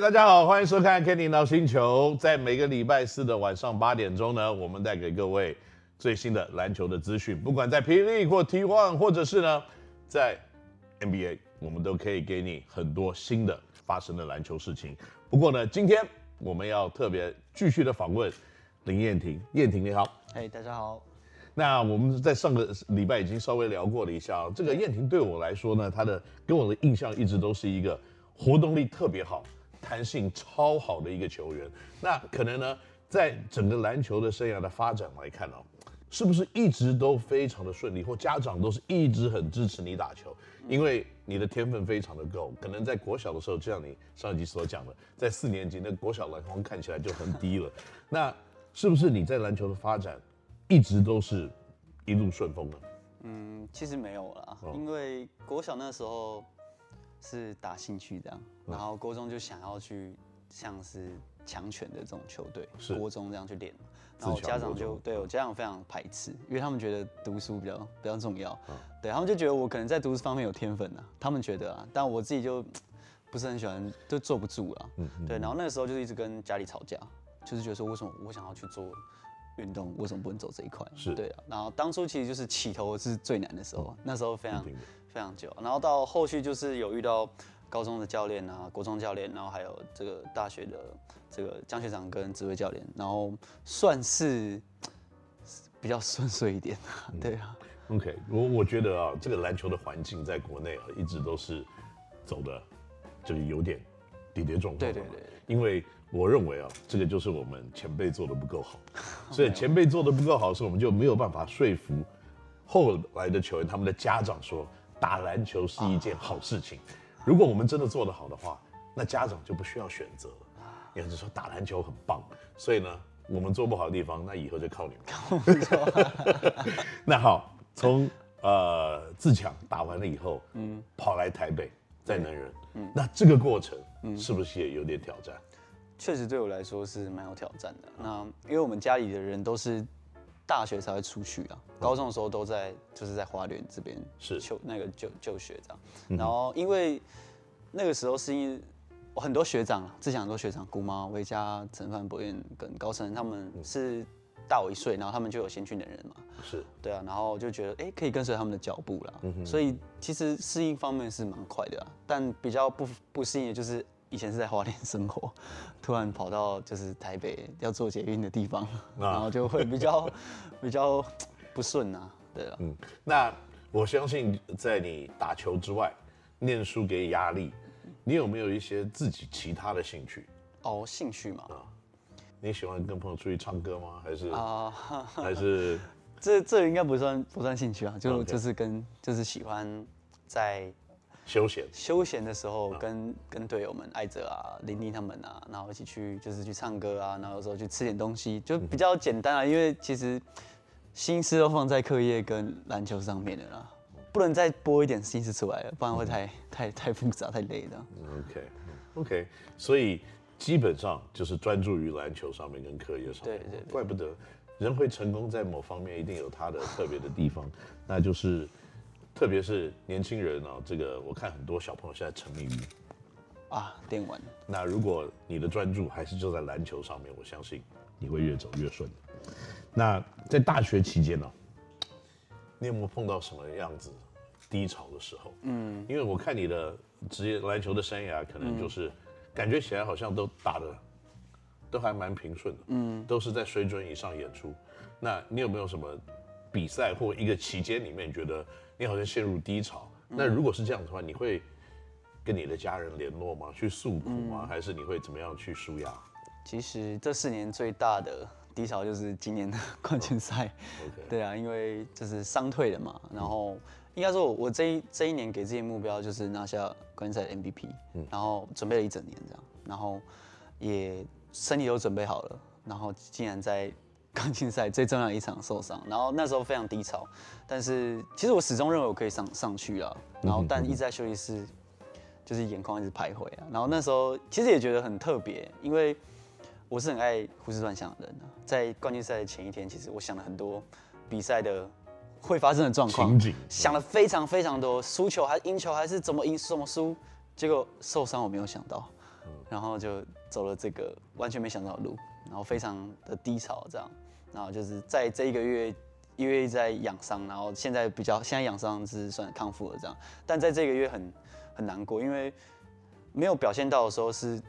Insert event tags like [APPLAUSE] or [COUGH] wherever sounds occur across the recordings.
大家好，歡迎收看《Kenny NOW 星球》，在每個禮拜四的晚上八點鐘呢，我們帶給各位最新的籃球的資訊。不管在 P. League 或 T1，或者是呢，在 NBA，我們都可以給你很多新的發生的籃球事情。不過呢，今天我們要特別繼續的訪問林彥廷。彥廷你好。哎、hey，大家好。那我們在上個禮拜已經稍微聊過了一下。這個彥廷對我來說呢，他的給我的印象一直都是一個活動力特別好。彈性超好的一個球員，那可能呢，在整個籃球的生涯的發展來看哦，是不是一直都非常的順利？或家長都是一直很支持你打球，因為你的天分非常的夠。可能在國小的時候，就像你上一集所講的，在四年級那國小籃筐看起來就很低了。那是不是你在籃球的發展一直都是一路順風呢？嗯，其實沒有啦，哦、因為國小那時候。是打興趣這樣，然後國中就想要去像是強權的這種球隊，國中這樣去練，然後我家長就對我家長非常排斥，因為他們覺得讀書比較比較重要、嗯，對，他們就覺得我可能在讀書方面有天分啊，他們覺得啊，但我自己就不是很喜歡，就坐不住啊、嗯。嗯，對，然後那個時候就一直跟家裡吵架，就是覺得說為什麼我想要去做。運動為什麼不能走這一塊？是對啊。然後當初其實就是起頭是最難的時候，嗯、那時候非常、嗯、非常久，然後到後續就是有遇到高中的教練啊，國中教練，然後還有這個大學的這個江學長跟指揮教練，然後算是比較順遂一點、啊，對啊。嗯、OK，我我覺得啊，這個籃球的環境在國內啊，一直都是走的就是有點跌跌撞撞，對，對對對，因為。我認為啊，這個就是我們前輩做得不夠好，所以前輩做的不夠好的時候，我們就沒有辦法說服後來的球員他們的家長說打籃球是一件好事情。如果我們真的做得好的話，那家長就不需要選擇了。也就是說打籃球很棒，所以呢，我們做不好的地方，那以後就靠你們。 [LAUGHS] 那好，從呃自強打完了以後，嗯，跑來台北，在能人，那這個過程，是不是也有點挑戰？確實對我來說是蠻有挑戰的。那因為我們家裡的人都是大學才會出去啊，嗯、高中的時候都在就是在花蓮，這邊是求那個就就學長、嗯、然後因為那個時候是因為我很多學長啊，之前很多學長姑媽維嘉、陳凡博遠跟高晨他們是大我一歲，然後他們就有先去的人嘛。是對啊，然後就覺得哎、欸、可以跟隨他們的腳步啦、嗯，所以其實適應方面是蠻快的、啊，但比較不不適應的就是。以前是在花蓮生活，突然跑到就是台北要做捷運的地方，啊、然後就會比較 [LAUGHS] 比較不順吶、啊，對啊。嗯，那我相信在你打球之外，念書給你壓力，你有沒有一些自己其他的興趣？哦，興趣嘛、嗯，你喜歡跟朋友出去唱歌嗎？還是、啊、還是？這這應該不算不算興趣啊，就啊、okay、就是跟就是喜歡在。休閒休閒的時候跟、啊，跟跟隊友們艾澤啊、林立他們啊，然後一起去就是去唱歌啊，然後有時候去吃點東西，就比較簡單啊。嗯、因為其實心思都放在課業跟籃球上面的啦，不能再播一點心思出來了，不然會太、嗯、太太複雜、太累的。OK OK，所以基本上就是專注於籃球上面跟課業上面。對對，對對，怪不得人會成功，在某方面一定有他的特別的地方，那就是。特別是年輕人哦、喔，這個我看很多小朋友現在沉迷於啊電玩。那如果你的專注還是就在籃球上面，我相信你會越走越順、嗯，那在大學期間呢、喔，你有沒有碰到什麼樣子低潮的時候？嗯，因為我看你的職業籃球的生涯，可能就是感覺起來好像都打得都還蠻平順的，嗯，都是在水準以上演出。那你有沒有什麼？比賽或一個期間裡面，覺得你好像陷入低潮。嗯、那如果是這樣的話，你會跟你的家人聯絡嗎？去訴苦嗎、嗯啊？還是你會怎麼樣去舒壓？其實這四年最大的低潮就是今年的冠軍賽、哦 okay。對啊，因為就是傷退了嘛。嗯、然後應該說我我這一這一年給自己目標就是拿下冠軍賽的 MVP、嗯、然後準備了一整年這樣，然後也身體都準備好了，然後竟然在。冠軍賽最重要的一場受傷，然後那時候非常低潮，但是其實我始終認為我可以上上去啊，然後但一直在休息室，就是眼眶一直徘徊啊。然後那時候其實也覺得很特別，因為我是很愛胡思亂想的人啊。在冠軍賽的前一天，其實我想了很多比賽的會發生的狀況，想了非常非常多，輸球還是贏球還是怎麼贏怎麼輸，結果受傷我沒有想到，然後就。走了這個完全沒想到的路，然後非常的低潮，這樣，然後就是在這一個月因為在養傷，然後現在比較現在養傷是算康復了這樣，但在這個月很很難過，因為沒有表現到的時候是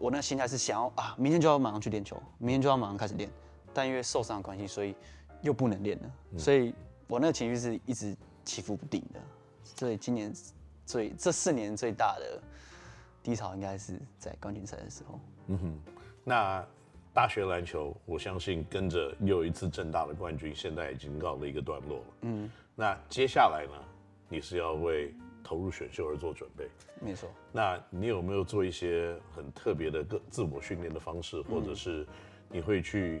我那心態是想要啊，明天就要馬上去練球，明天就要馬上開始練，但因為受傷的關係，所以又不能練了，所以我那個情緒是一直起伏不定的，所以今年最這四年最大的，低潮應該是在冠軍賽的時候。嗯哼，那大學籃球，我相信跟着又一次政大的冠軍，現在已經告了一個段落了。嗯，那接下來呢？你是要為投入選秀而做準備？沒錯。那你有沒有做一些很特別的個自我訓練的方式、嗯，或者是你會去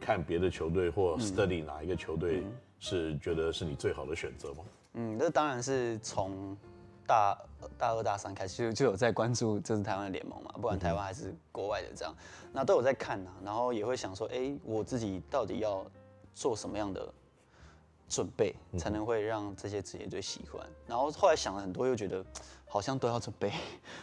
看別的球隊或 study 哪一個球隊是覺得是你最好的選擇嗎？嗯，這當然是從。大大二大三開始就，就有在關注，這是台灣的聯盟嘛，不管台灣還是國外的這樣，那、嗯嗯、都有在看啊，然後也會想說，哎、欸，我自己到底要做什麼樣的準備，才能會讓這些職業隊喜歡？然後後來想了很多，又覺得好像都要準備，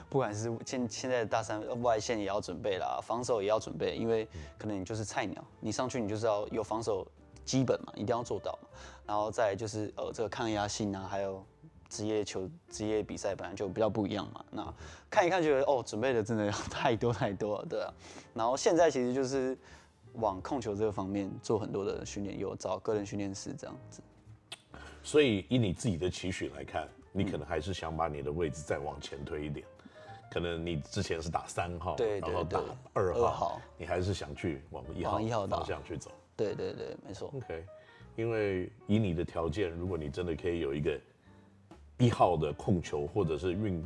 不管是現現在的大三外線、呃、也要準備啦，防守也要準備，因為可能你就是菜鳥，你上去你就是要有防守基本嘛，一定要做到嘛，然後再就是呃這個抗壓性啊，還有，職業球、職業比賽本來就比較不一樣嘛。那看一看就覺得哦，準備的真的要太多太多了。對啊。然後現在其實就是往控球這個方面做很多的訓練，有找個人訓練師這樣子。所以以你自己的期許來看，你可能還是想把你的位置再往前推一點。嗯，可能你之前是打三號，對,對,對,對，然後打二號,二號，你還是想去往一號，往一號方向去走。對對對，沒錯。OK，因為以你的條件，如果你真的可以有一個。一號的控球，或者是運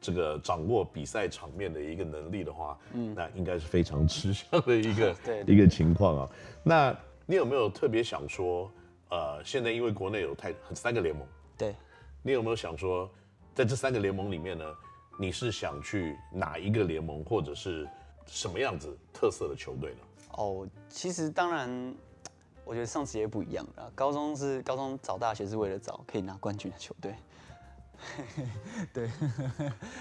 這個掌握比賽場面的一個能力的話，嗯，那應該是非常吃香的一個 [LAUGHS] 對對對，一個情況啊。那你有沒有特別想說，呃，現在因為國內有太三個聯盟，對，你有沒有想說，在這三個聯盟裡面呢，你是想去哪一個聯盟，或者是什麼樣子特色的球隊呢？哦，其實當然，我覺得上次也不一樣了。高中是高中找大學是為了找可以拿冠軍的球隊。 [LAUGHS] 對，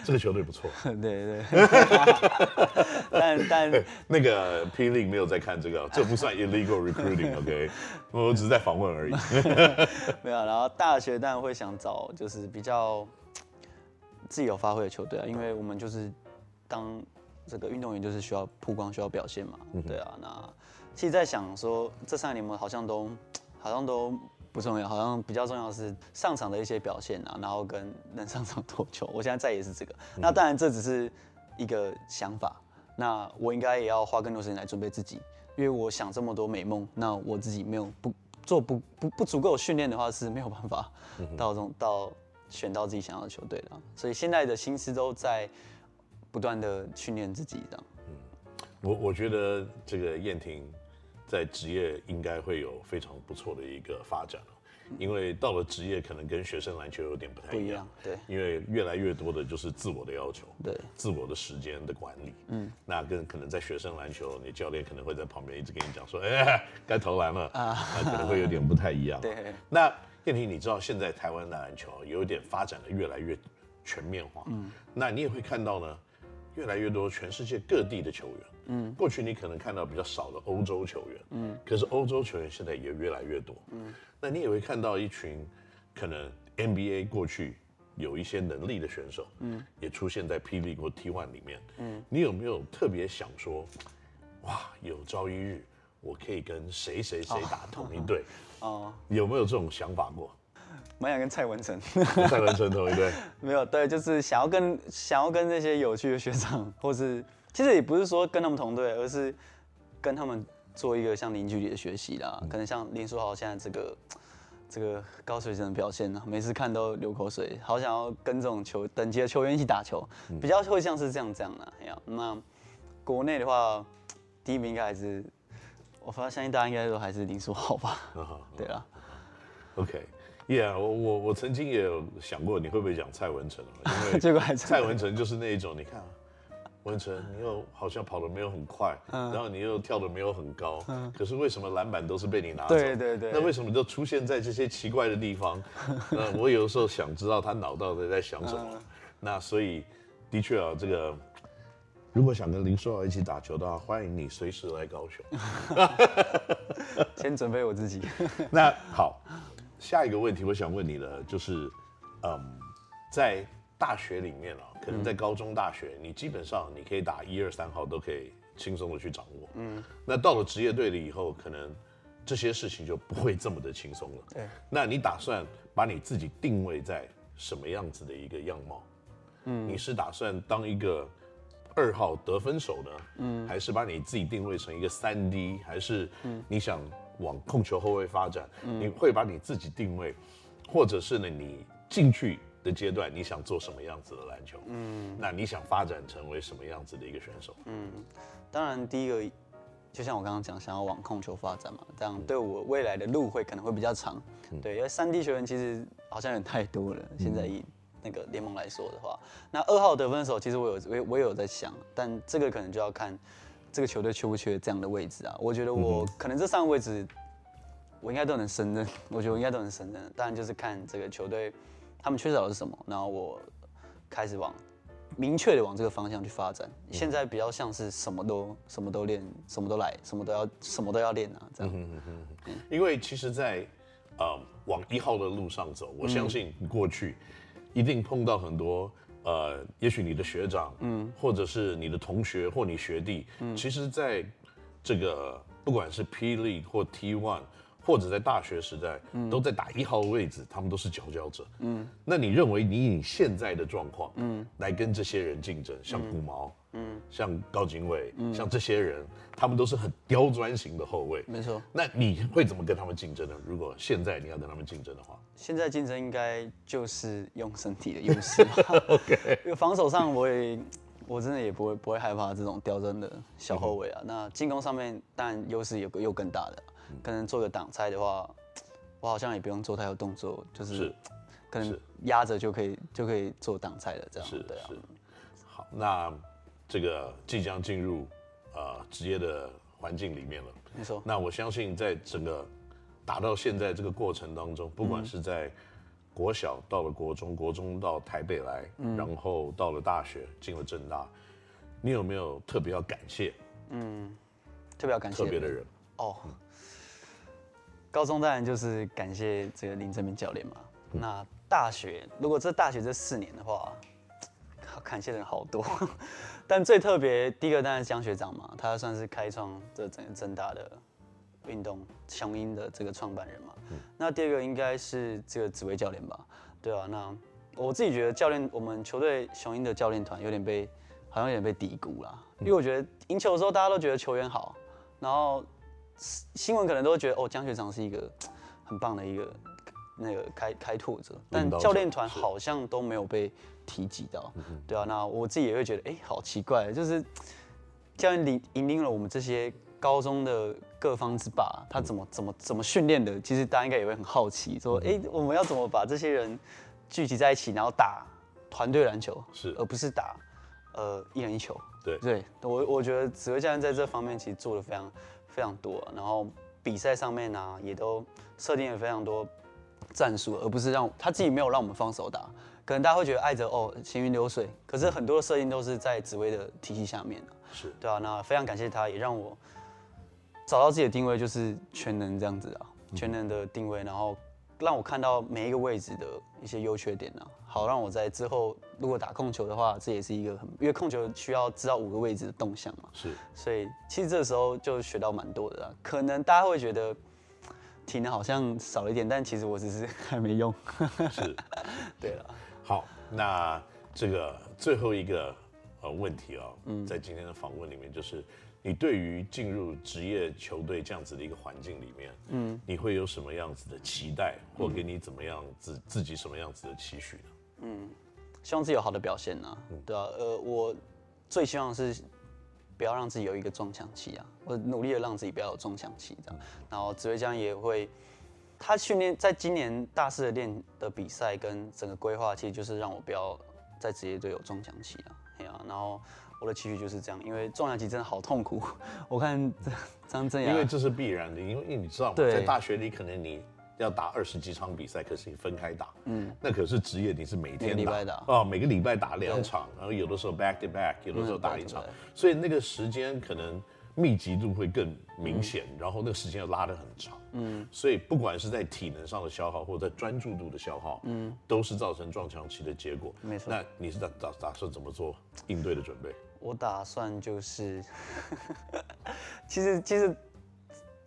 這個球隊不錯。 [LAUGHS] 對對，對 [LAUGHS] [LAUGHS] 但。但但 [LAUGHS] 那個 P 令沒有在看這個，這不算 illegal recruiting，OK？Okay？我只是在訪問而已。 [LAUGHS] [LAUGHS] 沒有、啊，然後大學當然會想找就是比較自由發揮的球隊啊，因為我們就是當這個運動員就是需要曝光、需要表現嘛。對啊，那其實在想說，這三年我們好像都好像都。不重要，好像比較重要的是上場的一些表現啊，然後跟能上場多久。我現在再也的是這個，那當然這只是一個想法。那我應該也要花更多時間來準備自己，因為我想這麼多美夢，那我自己沒有不做不不不足夠訓練的話是沒有辦法到這種到選到自己想要的球隊的。所以現在的心思都在不斷的訓練自己這樣。嗯，我我覺得這個彥廷，在職業應該會有非常不錯的一個發展，因為到了職業，可能跟學生籃球有點不太一樣，不一樣，對，因為越來越多的就是自我的要求，對，自我的時間的管理，嗯，那跟可能在學生籃球，你教練可能會在旁邊一直跟你講說，哎、嗯，該、欸、投籃了啊，那可能會有點不太一樣、啊。 [LAUGHS] 對，那彥廷，你知道現在台灣的籃球有點發展的越來越全面化，嗯，那你也會看到呢？越來越多全世界各地的球員，嗯，過去你可能看到比較少的歐洲球員，嗯，可是歐洲球員現在也越來越多，嗯，那你也會看到一群，可能 NBA 過去有一些能力的選手，嗯，也出現在 PLG 或 T1 裡面，嗯，你有沒有特別想說，哇，有朝一日我可以跟誰誰誰打同一隊，哦，有沒有這種想法過？蠻想跟蔡文成，欸、 [LAUGHS] 蔡文成同一隊，沒有，對，就是想要跟想要跟這些有趣的學長，或是其實也不是說跟他們同隊，而是跟他們做一個像零距離的學習啦、嗯。可能像林書豪現在這個這個高水準的表現呢，每次看都流口水，好想要跟這種球等級的球員一起打球，嗯、比較會像是這樣這樣啦。那國內的話，第一名應該還是我發現相信大家應該都還是林書豪吧？Oh, oh. 對啊 OK Yeah，我我我曾經也有想過你會不會講蔡文成，因為蔡文成就是那一種， [LAUGHS] 你看，文成，你又好像跑得沒有很快，嗯，然後你又跳得沒有很高，嗯，可是為什麼籃板都是被你拿走？對對對。那為什麼就出現在這些奇怪的地方？呃、我有的時候想知道他腦到底在想什麼。嗯、那所以的確啊，這個如果想跟林書豪一起打球的話，歡迎你隨時來高雄。先準備我自己。 [LAUGHS] 那好。下一個問題我想問你的就是，嗯，在大學裡面啊，可能在高中、大學，嗯，你基本上你可以打一二三號都可以輕鬆的去掌握，嗯，那到了職業隊了以後，可能這些事情就不會這麼的輕鬆了，對，嗯，那你打算把你自己定位在什麼樣子的一個樣貌？嗯，你是打算當一個二號得分手呢，嗯，還是把你自己定位成一個三 D，還是，嗯，你想？往控球後衛發展，你會把你自己定位，嗯、或者是呢，你進去的階段，你想做什麼樣子的籃球？嗯，那你想發展成為什麼樣子的一個選手？嗯，當然，第一個就像我剛剛講，想要往控球發展嘛，這樣對我未來的路會可能會比較長。嗯、對，因為三 D 球員其實好像有點太多了、嗯。現在以那個聯盟來說的話，那二號得分手其實我有我我有在想，但這個可能就要看。這個球隊缺不缺這樣的位置啊？我覺得我可能這三個位置，我應該都能勝任。我覺得我應該都能勝任。當然就是看這個球隊，他們缺少的是什麼，然後我開始往明確的往這個方向去發展。嗯、現在比較像是什麼都什麼都練，什麼都來，什麼都要什麼都要練啊，這樣。嗯哼哼哼嗯、因為其實在，在、呃、往一號的路上走，我相信過去一定碰到很多。呃，也許你的學長，嗯，或者是你的同學或你學弟，嗯，其實，在這個不管是 P. League 或 T1，或者在大學時代都在打一號的位置，嗯，他們都是佼佼者。嗯，那你認為你以現在的狀況，嗯，來跟這些人競爭，嗯，像古毛、嗯，像高景偉、嗯，像這些人，他們都是很刁鑽型的後衛。沒錯。那你會怎麼跟他們競爭呢？如果現在你要跟他們競爭的話，現在競爭應該就是用身體的優勢吧。 [LAUGHS] Okay. 因為防守上我也我真的也不會，也不，會不會害怕這種刁鑽的小後衛啊。嗯，那進攻上面當然優勢有有更大的。可能做個擋拆的話，我好像也不用做太多動作，就是，是可能壓着就可以就可以做擋拆了這樣，是是，對啊。好，那這個即將進入呃、職業的環境裡面了沒錯。那我相信在整個打到現在這個過程當中，不管是在國小到了國中，國中到台北來，嗯、然後到了大學進了政大，你有沒有特別要感謝，嗯，特別要感謝特別的人哦。嗯高中當然就是感謝這個林正明教練嘛、嗯。那大學，如果這大學這四年的話，感謝的人好多。 [LAUGHS] 但最特別第一個當然是江學長嘛，他算是開創這整個政大的運動雄鷹的這個創辦人嘛、嗯。那第二個應該是這個紫薇教練吧？對啊，那我自己覺得教練，我們球隊雄鷹的教練團有點被好像有點被低估啦，嗯、因為我覺得贏球的時候大家都覺得球員好，然後。新聞可能都會覺得哦，江學長是一個很棒的一個那個開開拓者，但教練團好像都沒有被提及到，對啊，那我自己也會覺得哎、欸，好奇怪，就是教練領引領了我們這些高中的各方之霸，他怎麼怎麼怎麼訓練的，其實大家應該也會很好奇，說哎、欸，我們要怎麼把這些人聚集在一起，然後打團隊籃球，是而不是打呃一人一球，對對我我覺得紫薇教練在這方面其實做得非常。非常多，然後比賽上面呢、啊，也都設定了非常多戰術，而不是讓他自己沒有讓我們放手打。可能大家會覺得愛着哦行雲流水，可是很多的設定都是在紫薇的體系下面、啊、是，對啊，那非常感謝他，也讓我找到自己的定位，就是全能這樣子啊，全能的定位、嗯，然後讓我看到每一個位置的一些優缺點啊。好，讓我在之後如果打控球的話，這也是一個很，因為控球需要知道五個位置的動向嘛，是，所以其實這時候就學到蠻多的了。可能大家會覺得體能好像少了一點，但其實我只是還沒用。是， [LAUGHS] 對了，好，那這個最後一個呃問題啊，嗯，在今天的訪問裡面，就是你對於進入職業球隊這樣子的一個環境裡面，嗯，你會有什麼樣子的期待，或給你怎麼樣自、嗯、自己什麼樣子的期許呢？嗯，希望自己有好的表現呢，嗯。對啊，呃，我最希望是不要讓自己有一個撞牆期啊，我努力的讓自己不要有撞牆期這樣。然後紫薇江也會，他訓練在今年大四的練的比賽跟整個規劃，其實就是讓我不要在職業隊有撞牆期啊。對啊，然後我的期許就是這樣，因為撞牆期真的好痛苦。我看張正陽，因為這是必然的，因為因為你知道嗎對，在大學裡可能你。要打二十幾場比賽，可是你分開打，嗯，那可是職業，你是每天打，每個禮拜打哦，每個禮拜打兩場，然後有的時候 back to back、嗯、有的時候打一場，對對對，所以那個時間可能密集度會更明顯、嗯，然後那個時間又拉得很長，嗯，所以不管是在體能上的消耗，或者在專注度的消耗，嗯，都是造成撞牆期的結果。沒錯，那你是打打打算怎麼做應對的準備？我打算就是 [LAUGHS] 其、其實其實。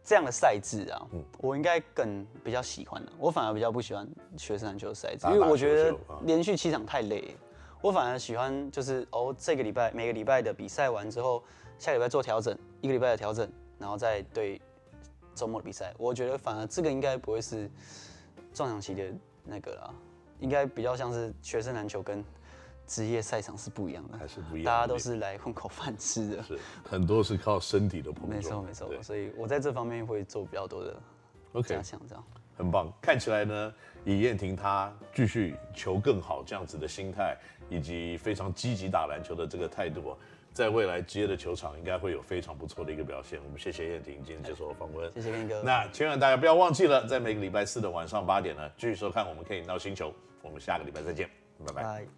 這樣的賽制啊，我應該更比較喜歡。我反而比較不喜歡學生籃球賽制，因為我覺得連續七場太累，欸。我反而喜歡就是哦，這個禮拜每個禮拜的比賽完之後，下禮拜做調整，一個禮拜的調整，然後再對週末的比賽。我覺得反而這個應該不會是撞檔期的那個啦，應該比較像是學生籃球跟。職業賽場是不一樣的，還是不一樣。大家都是來混口飯吃的，是很多是靠身體的碰撞。沒錯沒錯，所以我在這方面會做比較多的加強，這樣 okay, 很棒。看起來呢，以彥廷他繼續求更好這樣子的心態，以及非常積極打籃球的這個態度，在未來職業的球場應該會有非常不錯的一個表現。我們謝謝彥廷今天接受訪問。哎，謝謝炎哥。那千萬大家不要忘記了，在每個禮拜四的晚上八點呢，繼續收看我們《肯尼 NOW 星球》，我們下個禮拜再見，拜拜。Bye